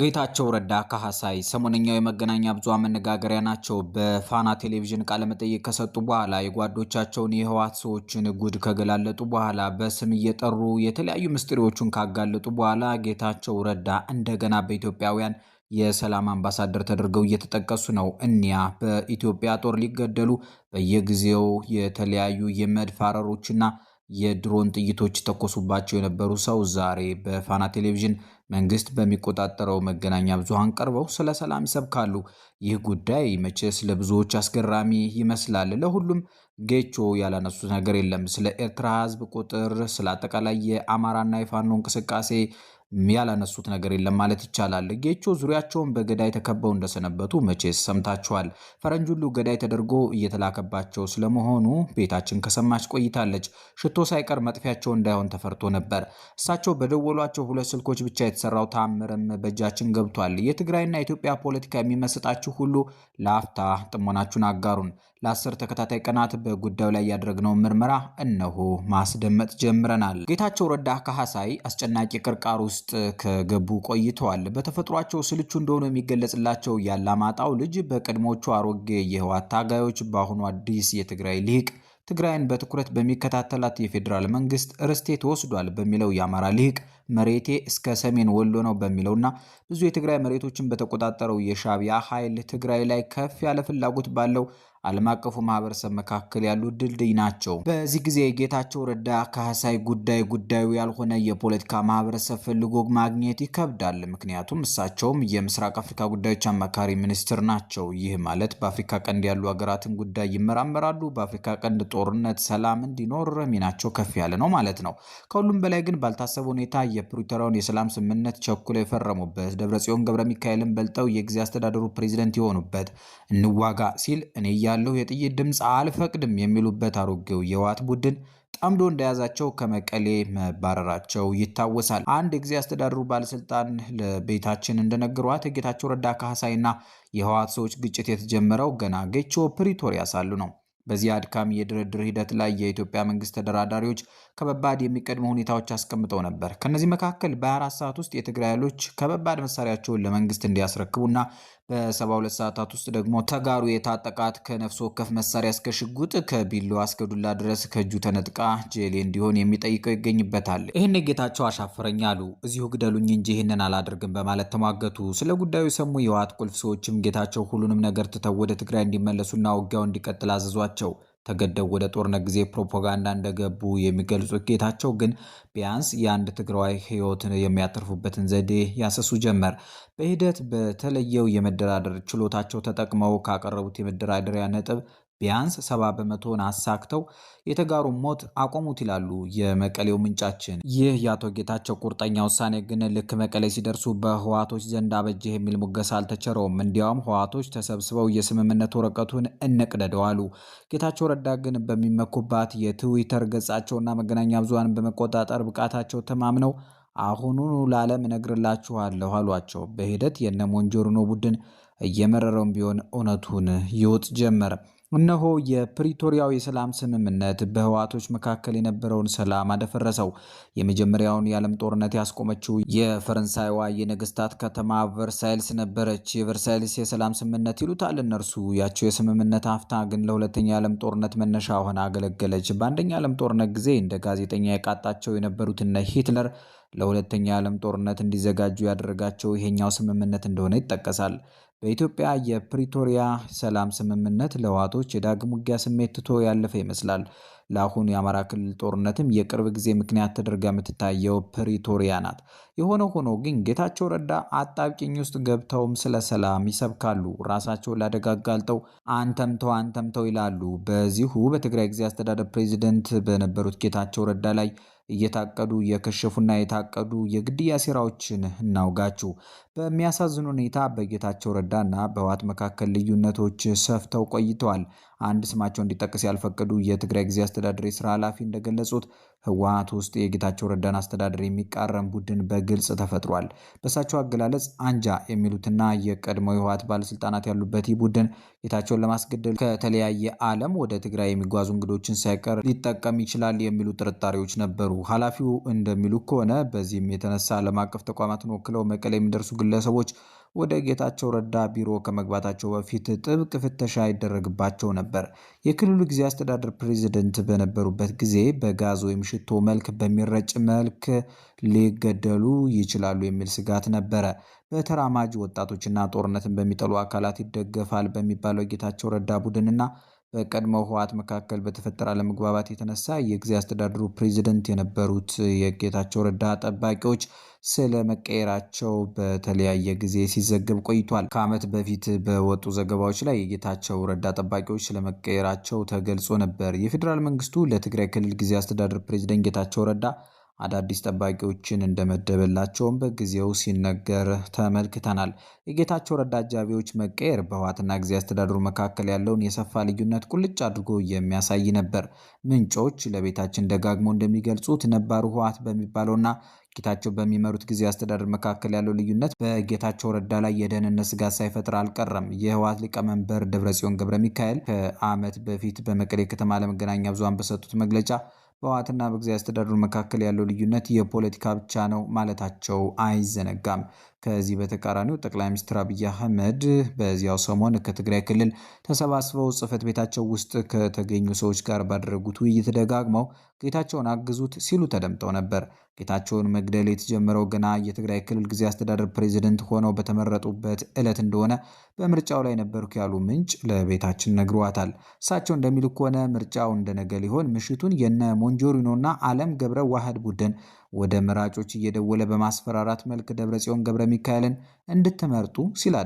ጌታቸው ረዳ ካሳይ ሰሞነኛው የመገናኛ ብዙሃን መነጋገሪያ ናቸው። በፋና ቴሌቪዥን ቃለመጠይቅ ከሰጡ በኋላ የጓዶቻቸውን የህወሓት ሰዎችን ጉድ ከገላለጡ በኋላ በስም እየጠሩ የተለያዩ ምስጢሪዎቹን ካጋለጡ በኋላ ጌታቸው ረዳ እንደገና በኢትዮጵያውያን የሰላም አምባሳደር ተደርገው እየተጠቀሱ ነው። እኒያ በኢትዮጵያ ጦር ሊገደሉ በየጊዜው የተለያዩ የመድፍ አረሮችና የድሮን ጥይቶች ተኮሱባቸው የነበሩ ሰው ዛሬ በፋና ቴሌቪዥን መንግስት በሚቆጣጠረው መገናኛ ብዙሃን ቀርበው ስለ ሰላም ይሰብካሉ። ይህ ጉዳይ መቼስ ለብዙዎች አስገራሚ ይመስላል። ለሁሉም ጌቾ ያላነሱት ነገር የለም። ስለ ኤርትራ ህዝብ ቁጥር፣ ስለ አጠቃላይ የአማራና የፋኖ እንቅስቃሴ ያላነሱት ነገር የለም ማለት ይቻላል። ጌቾ ዙሪያቸውን በገዳይ ተከበው እንደሰነበቱ መቼስ ሰምታችኋል። ፈረንጅ ሁሉ ገዳይ ተደርጎ እየተላከባቸው ስለመሆኑ ቤታችን ከሰማች ቆይታለች። ሽቶ ሳይቀር መጥፊያቸው እንዳይሆን ተፈርቶ ነበር። እሳቸው በደወሏቸው ሁለት ስልኮች ብቻ የተሰራው ታምርም በእጃችን ገብቷል። የትግራይና ኢትዮጵያ ፖለቲካ የሚመስጣችሁ ሁሉ ለአፍታ ጥሞናችሁን አጋሩን። ለአስር ተከታታይ ቀናት በጉዳዩ ላይ ያደረግነውን ምርመራ እነሆ ማስደመጥ ጀምረናል። ጌታቸው ረዳ ካሳይ አስጨናቂ ቅርቃር ውስጥ ከገቡ ቆይተዋል። በተፈጥሯቸው ስልቹ እንደሆኑ የሚገለጽላቸው ያላማጣው ልጅ በቀድሞቹ አሮጌ የህወሓት ታጋዮች በአሁኑ አዲስ የትግራይ ሊቅ ትግራይን በትኩረት በሚከታተላት የፌዴራል መንግስት ርስቴ ተወስዷል በሚለው የአማራ ሊቅ መሬቴ እስከ ሰሜን ወሎ ነው በሚለውና ብዙ የትግራይ መሬቶችን በተቆጣጠረው የሻቢያ ኃይል ትግራይ ላይ ከፍ ያለ ፍላጎት ባለው ዓለም አቀፉ ማህበረሰብ መካከል ያሉ ድልድይ ናቸው። በዚህ ጊዜ የጌታቸው ረዳ ካህሳይ ጉዳይ ጉዳዩ ያልሆነ የፖለቲካ ማህበረሰብ ፈልጎ ማግኘት ይከብዳል። ምክንያቱም እሳቸውም የምስራቅ አፍሪካ ጉዳዮች አማካሪ ሚኒስትር ናቸው። ይህ ማለት በአፍሪካ ቀንድ ያሉ ሀገራትን ጉዳይ ይመራመራሉ። በአፍሪካ ቀንድ ጦርነት፣ ሰላም እንዲኖር ሚናቸው ከፍ ያለ ነው ማለት ነው። ከሁሉም በላይ ግን ባልታሰበ ሁኔታ የፕሪቶሪያውን የሰላም ስምምነት ቸኩለው የፈረሙበት ደብረጽዮን ገብረ ሚካኤልን በልጠው የጊዜ አስተዳደሩ ፕሬዚደንት የሆኑበት እንዋጋ ሲል እኔ ያለው የጥይት ድምፅ አልፈቅድም የሚሉበት አሮጌው የዋት ቡድን ጠምዶ እንደያዛቸው ከመቀሌ መባረራቸው ይታወሳል። አንድ የጊዜ አስተዳደሩ ባለስልጣን ለቤታችን እንደነገሯት የጌታቸው ረዳ ካህሳይና የህወሓት ሰዎች ግጭት የተጀመረው ገና ጌቾ ፕሪቶሪያ ሳሉ ነው። በዚህ አድካሚ የድርድር ሂደት ላይ የኢትዮጵያ መንግስት ተደራዳሪዎች ከበባድ የሚቀድሙ ሁኔታዎች አስቀምጠው ነበር። ከነዚህ መካከል በ24 ሰዓት ውስጥ የትግራይ ኃይሎች ከበባድ መሳሪያቸውን ለመንግስት እንዲያስረክቡና በ72 ሰዓታት ውስጥ ደግሞ ተጋሩ የታጠቃት ከነፍስ ወከፍ መሳሪያ እስከ ሽጉጥ ከቢሎ እስከ ዱላ ድረስ ከእጁ ተነጥቃ ጄሌ እንዲሆን የሚጠይቀው ይገኝበታል። ይህን ጌታቸው አሻፈረኝ አሉ። እዚሁ ግደሉኝ እንጂ ይህንን አላደርግም በማለት ተሟገቱ። ስለ ጉዳዩ የሰሙ የዋት ቁልፍ ሰዎችም ጌታቸው ሁሉንም ነገር ትተው ወደ ትግራይ እንዲመለሱና ውጊያው እንዲቀጥል አዘዟቸው። ተገደው ወደ ጦርነት ጊዜ ፕሮፓጋንዳ እንደገቡ የሚገልጹት ጌታቸው ግን ቢያንስ የአንድ ትግራዋይ ህይወት የሚያተርፉበትን ዘዴ ያሰሱ ጀመር። በሂደት በተለየው የመደራደር ችሎታቸው ተጠቅመው ካቀረቡት የመደራደሪያ ነጥብ ቢያንስ ሰባ በመቶን አሳክተው የተጋሩ ሞት አቆሙት ይላሉ የመቀሌው ምንጫችን። ይህ የአቶ ጌታቸው ቁርጠኛ ውሳኔ ግን ልክ መቀሌ ሲደርሱ በህዋቶች ዘንድ አበጀህ የሚል ሙገሳ አልተቸረውም። እንዲያውም ህዋቶች ተሰብስበው የስምምነት ወረቀቱን እንቅደደው አሉ። ጌታቸው ረዳ ግን በሚመኩባት የትዊተር ገጻቸውና መገናኛ ብዙሃን በመቆጣጠር ብቃታቸው ተማምነው አሁኑኑ ለዓለም እነግርላችኋለሁ አሏቸው። በሂደት የነ ቡድን እየመረረውም ቢሆን እውነቱን ይውጥ ጀመረ። እነሆ የፕሪቶሪያው የሰላም ስምምነት በህዋቶች መካከል የነበረውን ሰላም አደፈረሰው። የመጀመሪያውን የዓለም ጦርነት ያስቆመችው የፈረንሳይዋ የነገስታት ከተማ ቨርሳይልስ ነበረች። የቨርሳይልስ የሰላም ስምምነት ይሉታል እነርሱ። ያቸው የስምምነት አፍታ ግን ለሁለተኛ የዓለም ጦርነት መነሻ ሆና አገለገለች። በአንደኛ የዓለም ጦርነት ጊዜ እንደ ጋዜጠኛ የቃጣቸው የነበሩት እነ ሂትለር ለሁለተኛ የዓለም ጦርነት እንዲዘጋጁ ያደረጋቸው ይሄኛው ስምምነት እንደሆነ ይጠቀሳል። በኢትዮጵያ የፕሪቶሪያ ሰላም ስምምነት ለዋቶች የዳግም ውጊያ ስሜት ትቶ ያለፈ ይመስላል። ለአሁኑ የአማራ ክልል ጦርነትም የቅርብ ጊዜ ምክንያት ተደርጋ የምትታየው ፕሪቶሪያ ናት። የሆነ ሆኖ ግን ጌታቸው ረዳ አጣብቂኝ ውስጥ ገብተውም ስለ ሰላም ይሰብካሉ። ራሳቸውን ላደጋ አጋልጠው አንተምተው አንተምተው ይላሉ። በዚሁ በትግራይ ጊዜ አስተዳደር ፕሬዚደንት በነበሩት ጌታቸው ረዳ ላይ እየታቀዱ እየከሸፉና የታቀዱ የግድያ ሴራዎችን እናውጋችሁ። በሚያሳዝን ሁኔታ በጌታቸው ረዳና በህወሓት መካከል ልዩነቶች ሰፍተው ቆይተዋል። አንድ ስማቸው እንዲጠቀስ ያልፈቀዱ የትግራይ ጊዜ አስተዳደር የስራ ኃላፊ እንደገለጹት ህወሀት ውስጥ የጌታቸው ረዳን አስተዳደር የሚቃረም ቡድን በግልጽ ተፈጥሯል። በእሳቸው አገላለጽ አንጃ የሚሉትና የቀድሞ የህወሀት ባለስልጣናት ያሉበት ይህ ቡድን ጌታቸውን ለማስገደል ከተለያየ ዓለም ወደ ትግራይ የሚጓዙ እንግዶችን ሳይቀር ሊጠቀም ይችላል የሚሉ ጥርጣሬዎች ነበሩ። ኃላፊው እንደሚሉ ከሆነ በዚህም የተነሳ ዓለም አቀፍ ተቋማትን ወክለው መቀሌ የሚደርሱ ግለሰቦች ወደ ጌታቸው ረዳ ቢሮ ከመግባታቸው በፊት ጥብቅ ፍተሻ ይደረግባቸው ነበር። የክልሉ ጊዜ አስተዳደር ፕሬዚደንት በነበሩበት ጊዜ በጋዝ ወይም ሽቶ መልክ በሚረጭ መልክ ሊገደሉ ይችላሉ የሚል ስጋት ነበረ። በተራማጅ ወጣቶችና ጦርነትን በሚጠሉ አካላት ይደገፋል በሚባለው የጌታቸው ረዳ ቡድንና በቀድሞ ህወሓት መካከል በተፈጠረ አለመግባባት የተነሳ የጊዜ አስተዳደሩ ፕሬዚደንት የነበሩት የጌታቸው ረዳ ጠባቂዎች ስለመቀየራቸው በተለያየ ጊዜ ሲዘገብ ቆይቷል። ከዓመት በፊት በወጡ ዘገባዎች ላይ የጌታቸው ረዳ ጠባቂዎች ስለመቀየራቸው ተገልጾ ነበር። የፌዴራል መንግስቱ ለትግራይ ክልል ጊዜ አስተዳደር ፕሬዚደንት ጌታቸው ረዳ አዳዲስ ጠባቂዎችን እንደመደበላቸውም በጊዜው ሲነገር ተመልክተናል። የጌታቸው ረዳ አጃቢዎች መቀየር በህወሓትና ጊዜ አስተዳደሩ መካከል ያለውን የሰፋ ልዩነት ቁልጭ አድርጎ የሚያሳይ ነበር። ምንጮች ለቤታችን ደጋግሞ እንደሚገልጹት ነባሩ ህወሓት በሚባለውና ጌታቸው በሚመሩት ጊዜ አስተዳደር መካከል ያለው ልዩነት በጌታቸው ረዳ ላይ የደህንነት ስጋት ሳይፈጥር አልቀረም። የህወሓት ሊቀመንበር ደብረጽዮን ገብረ ሚካኤል ከዓመት በፊት በመቀሌ ከተማ ለመገናኛ ብዙሃን በሰጡት መግለጫ በህወሓትና በጊዜያዊ አስተዳደሩ መካከል ያለው ልዩነት የፖለቲካ ብቻ ነው ማለታቸው አይዘነጋም። ከዚህ በተቃራኒው ጠቅላይ ሚኒስትር አብይ አህመድ በዚያው ሰሞን ከትግራይ ክልል ተሰባስበው ጽህፈት ቤታቸው ውስጥ ከተገኙ ሰዎች ጋር ባደረጉት ውይይት ደጋግመው ጌታቸውን አግዙት ሲሉ ተደምጠው ነበር። ጌታቸውን መግደል የተጀመረው ገና የትግራይ ክልል ጊዜ አስተዳደር ፕሬዚደንት ሆነው በተመረጡበት ዕለት እንደሆነ በምርጫው ላይ ነበርኩ ያሉ ምንጭ ለቤታችን ነግሯታል። እሳቸው እንደሚሉ ከሆነ ምርጫው እንደነገ ሊሆን ምሽቱን የነ ሞንጆሪኖና አለም ገብረ ዋህድ ቡድን ወደ መራጮች እየደወለ በማስፈራራት መልክ ደብረጽዮን ገብረ ሚካኤልን እንድትመርጡ ሲል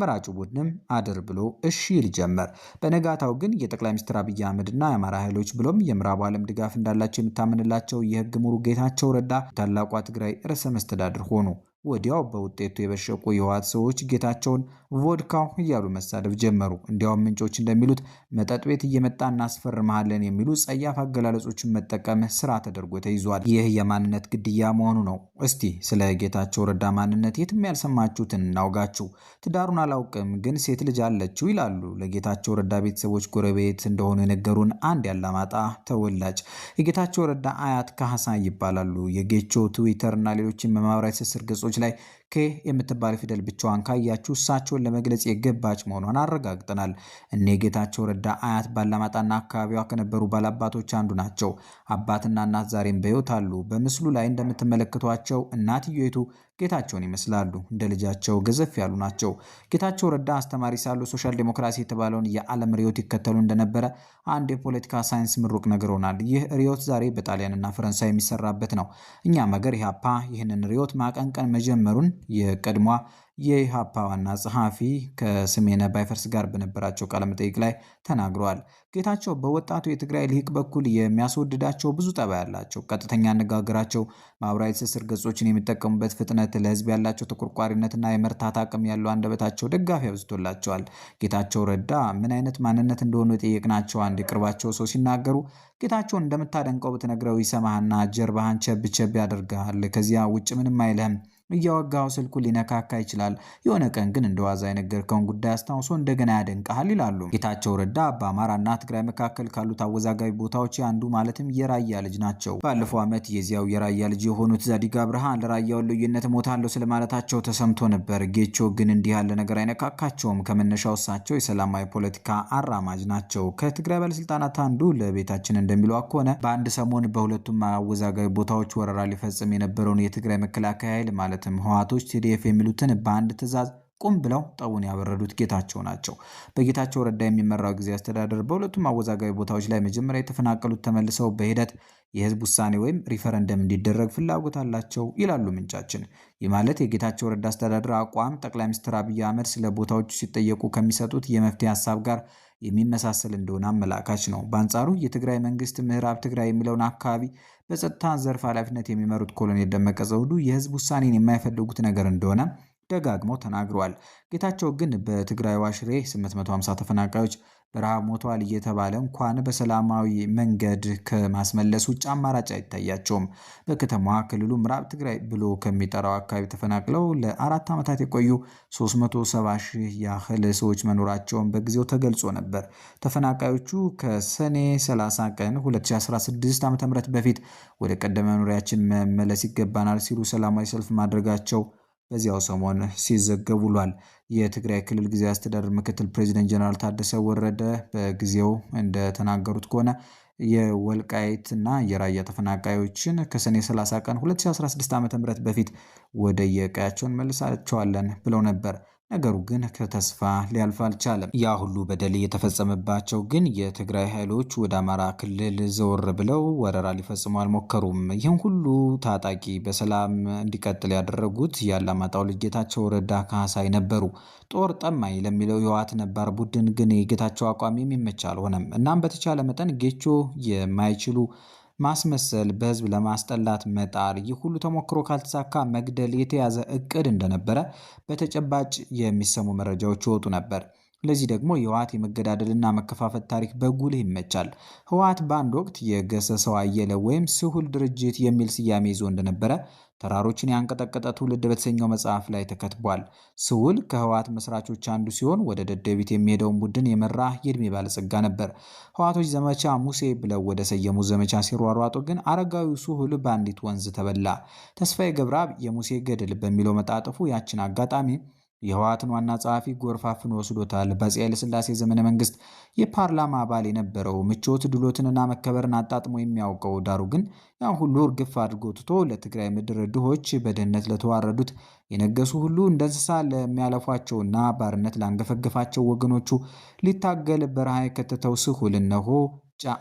መራጩ ቡድንም አድር ብሎ እሺ ይል ጀመር። በነጋታው ግን የጠቅላይ ሚኒስትር አብይ አህመድና የአማራ ኃይሎች ብሎም የምዕራቡ ዓለም ድጋፍ እንዳላቸው የሚታመንላቸው የህግ ምሁሩ ጌታቸው ረዳ ታላቋ ትግራይ ርዕሰ መስተዳድር ሆኑ። ወዲያው በውጤቱ የበሸቁ የህወሓት ሰዎች ጌታቸውን ቮድካው እያሉ መሳደብ ጀመሩ። እንዲያውም ምንጮች እንደሚሉት መጠጥ ቤት እየመጣ እናስፈርመሃለን የሚሉ ጸያፍ አገላለጾችን መጠቀም ስራ ተደርጎ ተይዟል። ይህ የማንነት ግድያ መሆኑ ነው። እስቲ ስለ ጌታቸው ረዳ ማንነት የትም ያልሰማችሁትን እናውጋችሁ። ትዳሩን አላውቅም ግን ሴት ልጅ አለችው ይላሉ ለጌታቸው ረዳ ቤተሰቦች ጎረቤት እንደሆኑ የነገሩን አንድ ያላማጣ ተወላጅ የጌታቸው ረዳ አያት ካህሳ ይባላሉ። የጌቾ ትዊተር እና ሌሎችን የማህበራዊ ትስስር ገጾች ፊደሎች ላይ ኬ የምትባል ፊደል ብቻዋን ካያችሁ እሳቸውን ለመግለጽ የገባች መሆኗን አረጋግጠናል። እኔ ጌታቸው ረዳ አያት ባላማጣና አካባቢዋ ከነበሩ ባላባቶች አንዱ ናቸው። አባትና እናት ዛሬም በሕይወት አሉ። በምስሉ ላይ እንደምትመለከቷቸው እናትየቱ ጌታቸውን ይመስላሉ። እንደ ልጃቸው ገዘፍ ያሉ ናቸው። ጌታቸው ረዳ አስተማሪ ሳሉ ሶሻል ዴሞክራሲ የተባለውን የዓለም ርዕዮት ይከተሉ እንደነበረ አንድ የፖለቲካ ሳይንስ ምሩቅ ነግሮናል። ይህ ርዕዮት ዛሬ በጣሊያንና ፈረንሳይ የሚሰራበት ነው። እኛም ሀገር ኢህአፓ ይህንን ርዕዮት ማቀንቀን መጀመሩን የቀድሟ የኢሃፓ ዋና ጸሐፊ ከስሜነ ባይፈርስ ጋር በነበራቸው መጠይቅ ላይ ተናግረዋል። ጌታቸው በወጣቱ የትግራይ ልሂቅ በኩል የሚያስወድዳቸው ብዙ ጠባይ ያላቸው ቀጥተኛ አነጋገራቸው፣ ማኅበራዊ ትስስር ገጾችን የሚጠቀሙበት ፍጥነት፣ ለህዝብ ያላቸው ተቆርቋሪነትና የመርታት አቅም ያለው አንደበታቸው ደጋፊ አብዝቶላቸዋል። ጌታቸው ረዳ ምን አይነት ማንነት እንደሆኑ የጠየቅናቸው አንድ የቅርባቸው ሰው ሲናገሩ ጌታቸውን እንደምታደንቀው ብትነግረው ይሰማህና ጀርባህን ቸብ ቸብ ያደርግሃል፣ ከዚያ ውጭ ምንም አይልህም እያወጋው ስልኩ ሊነካካ ይችላል። የሆነ ቀን ግን እንደ እንደዋዛ የነገርከውን ጉዳይ አስታውሶ እንደገና ያደንቀሃል ይላሉ ጌታቸው ረዳ። በአማራና ትግራይ መካከል ካሉት አወዛጋቢ ቦታዎች አንዱ ማለትም የራያ ልጅ ናቸው። ባለፈው ዓመት የዚያው የራያ ልጅ የሆኑት ዘዲጋ ብርሃን ለራያው ልዩነት ሞታለሁ ስለማለታቸው ተሰምቶ ነበር። ጌቾ ግን እንዲህ ያለ ነገር አይነካካቸውም። ከመነሻው እሳቸው የሰላማዊ ፖለቲካ አራማጅ ናቸው። ከትግራይ ባለስልጣናት አንዱ ለቤታችን እንደሚለው ከሆነ በአንድ ሰሞን በሁለቱም አወዛጋቢ ቦታዎች ወረራ ሊፈጽም የነበረውን የትግራይ መከላከያ ኃይል ማለት ማለትም ህዋቶች ቲዲኤፍ የሚሉትን በአንድ ትዕዛዝ ቁም ብለው ጠቡን ያበረዱት ጌታቸው ናቸው። በጌታቸው ረዳ የሚመራው ጊዜ አስተዳደር በሁለቱም አወዛጋቢ ቦታዎች ላይ መጀመሪያ የተፈናቀሉት ተመልሰው በሂደት የህዝብ ውሳኔ ወይም ሪፈረንደም እንዲደረግ ፍላጎት አላቸው ይላሉ ምንጫችን። ይህ ማለት የጌታቸው ረዳ አስተዳደር አቋም ጠቅላይ ሚኒስትር አብይ አህመድ ስለ ቦታዎቹ ሲጠየቁ ከሚሰጡት የመፍትሄ ሀሳብ ጋር የሚመሳሰል እንደሆነ አመላካች ነው። በአንጻሩ የትግራይ መንግስት ምዕራብ ትግራይ የሚለውን አካባቢ በጸጥታ ዘርፍ ኃላፊነት የሚመሩት ኮሎኔል ደመቀ ዘውዱ የህዝብ ውሳኔን የማይፈልጉት ነገር እንደሆነ ደጋግመው ተናግረዋል። ጌታቸው ግን በትግራይ ዋሽሬ 850 ተፈናቃዮች በረሃብ ሞቷል እየተባለ እንኳን በሰላማዊ መንገድ ከማስመለስ ውጭ አማራጭ አይታያቸውም። በከተማዋ ክልሉ ምዕራብ ትግራይ ብሎ ከሚጠራው አካባቢ ተፈናቅለው ለአራት ዓመታት የቆዩ 370 ሺህ ያህል ሰዎች መኖራቸውን በጊዜው ተገልጾ ነበር። ተፈናቃዮቹ ከሰኔ 30 ቀን 2016 ዓ.ም በፊት ወደ ቀደመ መኖሪያችን መመለስ ይገባናል ሲሉ ሰላማዊ ሰልፍ ማድረጋቸው በዚያው ሰሞን ሲዘገብ ውሏል። የትግራይ ክልል ጊዜያዊ አስተዳደር ምክትል ፕሬዚደንት ጀነራል ታደሰ ወረደ በጊዜው እንደተናገሩት ከሆነ የወልቃይትና የራያ ተፈናቃዮችን ከሰኔ 30 ቀን 2016 ዓ ም በፊት ወደ የቀያቸውን መልሳቸዋለን ብለው ነበር። ነገሩ ግን ከተስፋ ሊያልፍ አልቻለም። ያ ሁሉ በደል የተፈጸመባቸው ግን የትግራይ ኃይሎች ወደ አማራ ክልል ዘወር ብለው ወረራ ሊፈጽሙ አልሞከሩም። ይህን ሁሉ ታጣቂ በሰላም እንዲቀጥል ያደረጉት የአላማጣው ልጌታቸው ረዳ ካሳይ ነበሩ። ጦር ጠማኝ ለሚለው የዋት ነባር ቡድን ግን የጌታቸው አቋም የሚመች አልሆነም። እናም በተቻለ መጠን ጌቾ የማይችሉ ማስመሰል በህዝብ ለማስጠላት መጣር ይህ ሁሉ ተሞክሮ ካልተሳካ መግደል የተያዘ እቅድ እንደነበረ በተጨባጭ የሚሰሙ መረጃዎች ይወጡ ነበር። ለዚህ ደግሞ የህወሓት የመገዳደልና መከፋፈት ታሪክ በጉልህ ይመቻል። ህወሓት በአንድ ወቅት የገሰሰው አየለ ወይም ስሁል ድርጅት የሚል ስያሜ ይዞ እንደነበረ ተራሮችን ያንቀጠቀጠ ትውልድ በተሰኘው መጽሐፍ ላይ ተከትቧል። ስውል ከህወሓት መስራቾች አንዱ ሲሆን ወደ ደደቢት የሚሄደውን ቡድን የመራ የዕድሜ ባለጸጋ ነበር። ህወሓቶች ዘመቻ ሙሴ ብለው ወደ ሰየሙ ዘመቻ ሲሯሯጡ ግን አረጋዊው ስሁል በአንዲት ወንዝ ተበላ። ተስፋዬ ገብረአብ የሙሴ ገድል በሚለው መጣጥፉ ያችን አጋጣሚ የህወሓትን ዋና ጸሐፊ ጎርፋፍን ወስዶታል። በአፄ ኃይለሥላሴ ዘመነ መንግስት የፓርላማ አባል የነበረው ምቾት ድሎትንና መከበርን አጣጥሞ የሚያውቀው ዳሩ ግን ያን ሁሉ እርግፍ አድርጎ ትቶ ለትግራይ ምድር ድሆች፣ በድህነት ለተዋረዱት የነገሱ ሁሉ እንደ እንስሳ ለሚያለፏቸውና ባርነት ላንገፈገፋቸው ወገኖቹ ሊታገል በረሃ የከተተው ስሁል እነሆ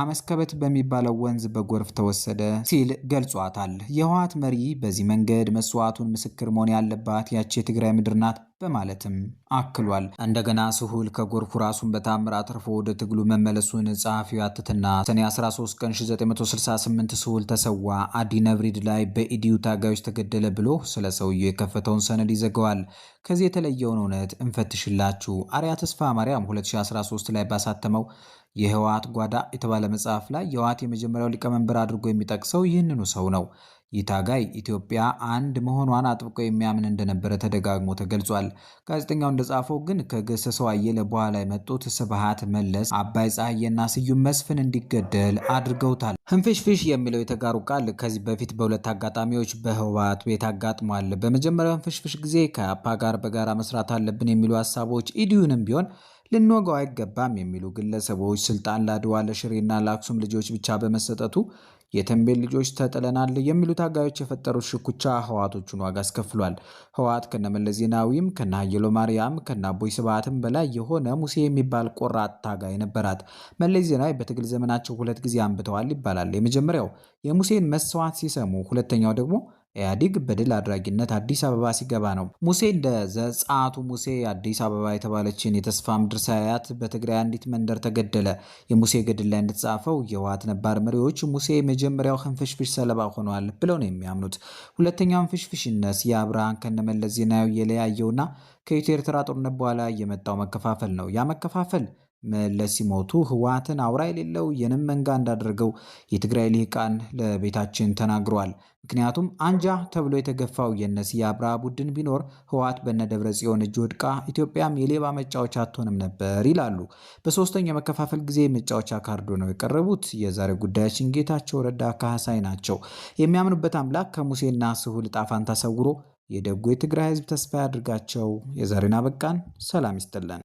አመስከበት በሚባለው ወንዝ በጎርፍ ተወሰደ ሲል ገልጿታል። የህወሓት መሪ በዚህ መንገድ መስዋዕቱን ምስክር መሆን ያለባት ያቺ የትግራይ ምድር ናት በማለትም አክሏል። እንደገና ስሁል ከጎርፉ ራሱን በታምር አትርፎ ወደ ትግሉ መመለሱን ጸሐፊው ያትትና ሰኔ 13 ቀን 1968 ስሁል ተሰዋ፣ አዲ ነብሪድ ላይ በኢዲዩ ታጋዮች ተገደለ ብሎ ስለ ሰውየው የከፈተውን ሰነድ ይዘገዋል። ከዚህ የተለየውን እውነት እንፈትሽላችሁ አርያ ተስፋ ማርያም 2013 ላይ ባሳተመው የህወሓት ጓዳ የተባለ መጽሐፍ ላይ የህወሓት የመጀመሪያው ሊቀመንበር አድርጎ የሚጠቅሰው ይህንኑ ሰው ነው። ይህ ታጋይ ኢትዮጵያ አንድ መሆኗን አጥብቆ የሚያምን እንደነበረ ተደጋግሞ ተገልጿል። ጋዜጠኛው እንደጻፈው ግን ከገሰሰው አየለ በኋላ የመጡት ስብሃት መለስ፣ አባይ ፀሐዬና ስዩም መስፍን እንዲገደል አድርገውታል። ህንፍሽፍሽ የሚለው የተጋሩ ቃል ከዚህ በፊት በሁለት አጋጣሚዎች በህወሓት ቤት አጋጥሟል። በመጀመሪያው ህንፍሽፍሽ ጊዜ ከአፓ ጋር በጋራ መስራት አለብን የሚሉ ሀሳቦች ኢዲዩንም ቢሆን ልንወጋው አይገባም የሚሉ ግለሰቦች ስልጣን ለአድዋ ለሽሬና ለአክሱም ልጆች ብቻ በመሰጠቱ የተንቤል ልጆች ተጥለናል የሚሉ ታጋዮች የፈጠሩት ሽኩቻ ህዋቶቹን ዋጋ አስከፍሏል። ህዋት ከነመለስ ዜናዊም ከነ ሀየሎ ማርያም ከነ አቦይ ስብዓትም በላይ የሆነ ሙሴ የሚባል ቆራጥ ታጋይ ነበራት። መለስ ዜናዊ በትግል ዘመናቸው ሁለት ጊዜ አንብተዋል ይባላል። የመጀመሪያው የሙሴን መስዋዕት ሲሰሙ፣ ሁለተኛው ደግሞ ኢህአዲግ በድል አድራጊነት አዲስ አበባ ሲገባ ነው። ሙሴ እንደ ዘጸአቱ ሙሴ አዲስ አበባ የተባለችን የተስፋ ምድር ሳያት በትግራይ አንዲት መንደር ተገደለ። የሙሴ ገድል ላይ እንደተጻፈው የህወሓት ነባር መሪዎች ሙሴ የመጀመሪያው ህንፍሽፍሽ ሰለባ ሆኗል ብለው ነው የሚያምኑት። ሁለተኛውን ፍሽፍሽነት የአብርሃን ከነመለስ ዜናዊ የለያየውና ከኢትዮ ኤርትራ ጦርነት በኋላ የመጣው መከፋፈል ነው። ያ መከፋፈል መለስ ሲሞቱ ህወሓትን አውራ የሌለው የንም መንጋ እንዳደረገው የትግራይ ልሂቃን ለቤታችን ተናግሯል። ምክንያቱም አንጃ ተብሎ የተገፋው የነስ አብርሃ ቡድን ቢኖር ህወሓት በነ ደብረ ጽዮን እጅ ወድቃ ኢትዮጵያም የሌባ መጫወቻ አትሆንም ነበር ይላሉ። በሶስተኛ የመከፋፈል ጊዜ መጫወቻ ካርዶ ነው የቀረቡት። የዛሬ ጉዳያችን ጌታቸው ረዳ ካህሳይ ናቸው። የሚያምኑበት አምላክ ከሙሴና ስሁል ዕጣ ፋንታ ሰውሮ የደጉ የትግራይ ህዝብ ተስፋ ያድርጋቸው። የዛሬን አበቃን። ሰላም ይስጥልን።